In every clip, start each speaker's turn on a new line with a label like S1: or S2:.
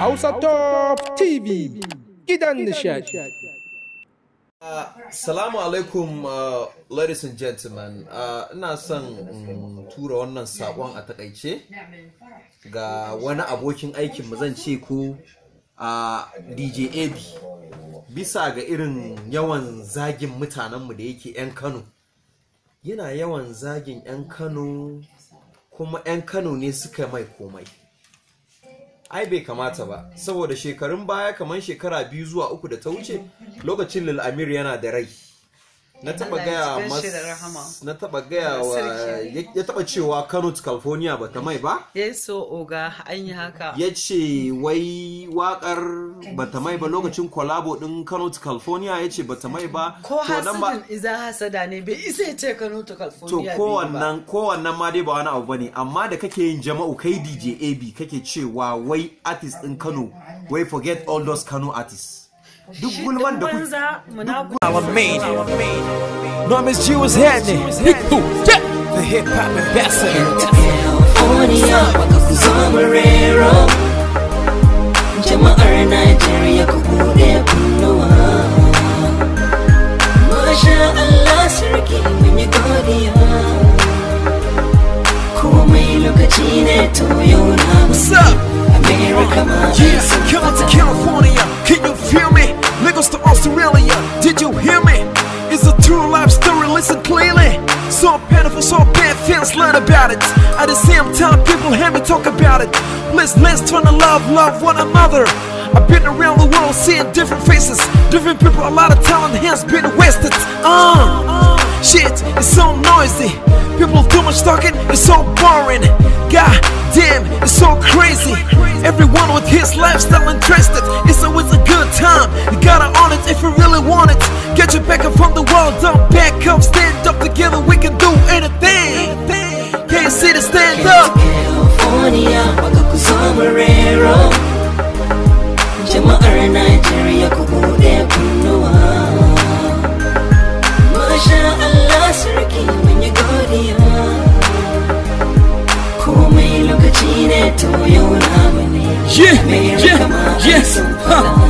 S1: Hausa Top TV gidan nishadi.
S2: Uh, salamu alaikum uh, ladies and gentlemen uh, ina son tura wannan sakon a takaice ga wani abokin aikin mu zan ce ku. a DJ AB bisa ga irin yawan zagin mutanenmu da yake 'yan Kano yana yawan zagin 'yan Kano kuma 'yan Kano ne suka mai komai ai bai kamata ba saboda shekarun baya kamar shekara biyu zuwa uku da ta wuce lokacin lil'amir yana da rai na taba gaya na taba gaya wa ya taba cewa Kano California ba ta mai ba
S3: so oga an yi haka ya
S2: ce wai wakar ba ta mai ba lokacin kwalabo din Kano California ya ce ba ta mai ba ko hasadin
S3: idan hasada ne bai isa ya ce Kano California to kowannan
S2: kowannan ma dai ba wani abu bane amma da kake yin jama'u kai DJ AB kake cewa wai artist din Kano wai forget all those Kano artists duk gulman da
S3: kuke our main
S2: no
S1: miss G was handy the hip hop ambassador California
S3: Masha Allah sarki mun yi godiya komai lokaci ne to yau na musa America
S1: me It's a true-life story, listen clearly So painful, so bad, fans learn about it At the same time, people hear me talk about it Let's, let's to love, love one another I've been around the world, seeing different faces Different people, a lot of talent has been wasted uh, Shit, it's so noisy People too much talking, it's so boring God damn, it's so crazy Everyone with his lifestyle interested It's always a time. You gotta own it if you really want it. Get your back up from the wall, don't back up, stand up together, we can do anything. Can you see the stand up?
S3: California, Sombrero. Jama'ar Nigeria, kukude kunnuwa. Masha Allah sarki mun yi godiya. you. lokaci ne to yau namu ne. Yeah, yeah, yes, huh.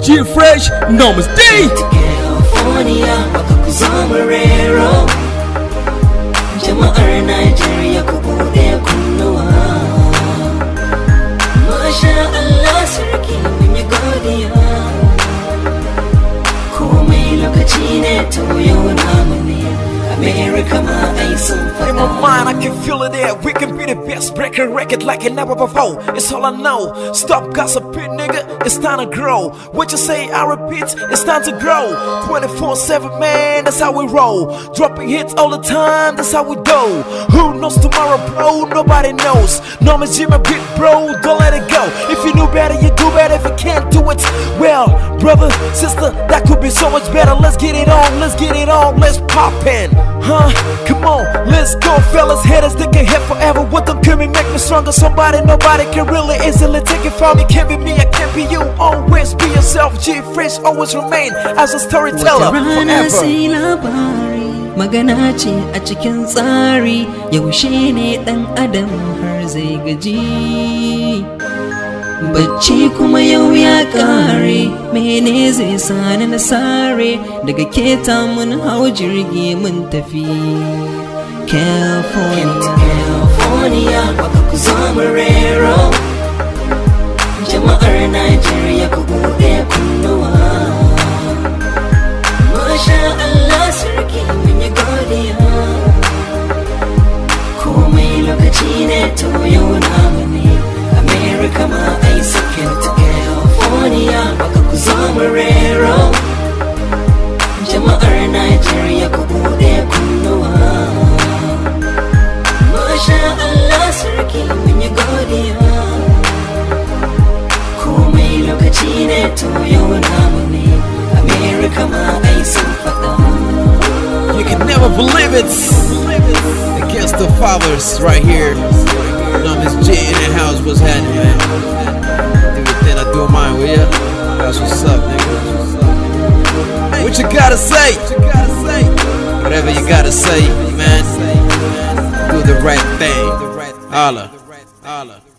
S1: G Fresh Nomes D
S3: California bakakuzomerero jama'ar Nigeria ku bude kunnuwa Masha Allah sarki mun yi godiya komai lokaci ne to yau namu ne America my eyes on fire
S1: In my mind I can feel it there We can be the best breaking record like it never before It's all I know Stop gossiping nigga it's time to grow. What you say, I repeat, it's time to grow. 24 7, man, that's how we roll. Dropping hits all the time, that's how we go. Who knows tomorrow, bro? Nobody knows. Norman Jim, a big bro, don't let it go. If you knew better, you do better. If you can't do it, well, brother, sister, that could be so much better. Let's get it on, let's get it on, let's pop in, huh? Come on, let's go, fellas. Haters, they can hit forever. What them can make me stronger? Somebody, nobody can really easily take it from me. Can't be me, I can't be you. you always be yourself G Fresh always remain as a storyteller forever
S3: magana ce a cikin tsari yaushe ne ɗan adam har zai gaji bacci kuma yau ya kare mene zai sani na sare daga keta mun hau jirgi mun tafi california california baka ku zama rero ma'ar Najeriya ku buɗe ku limits
S1: against the fathers right here. You know, Miss J in the house, what's happening, man? Do your thing, I do mine, will ya? That's what's up, nigga. What you gotta say? Whatever you gotta say, man. Do the right thing. Holla. Holla.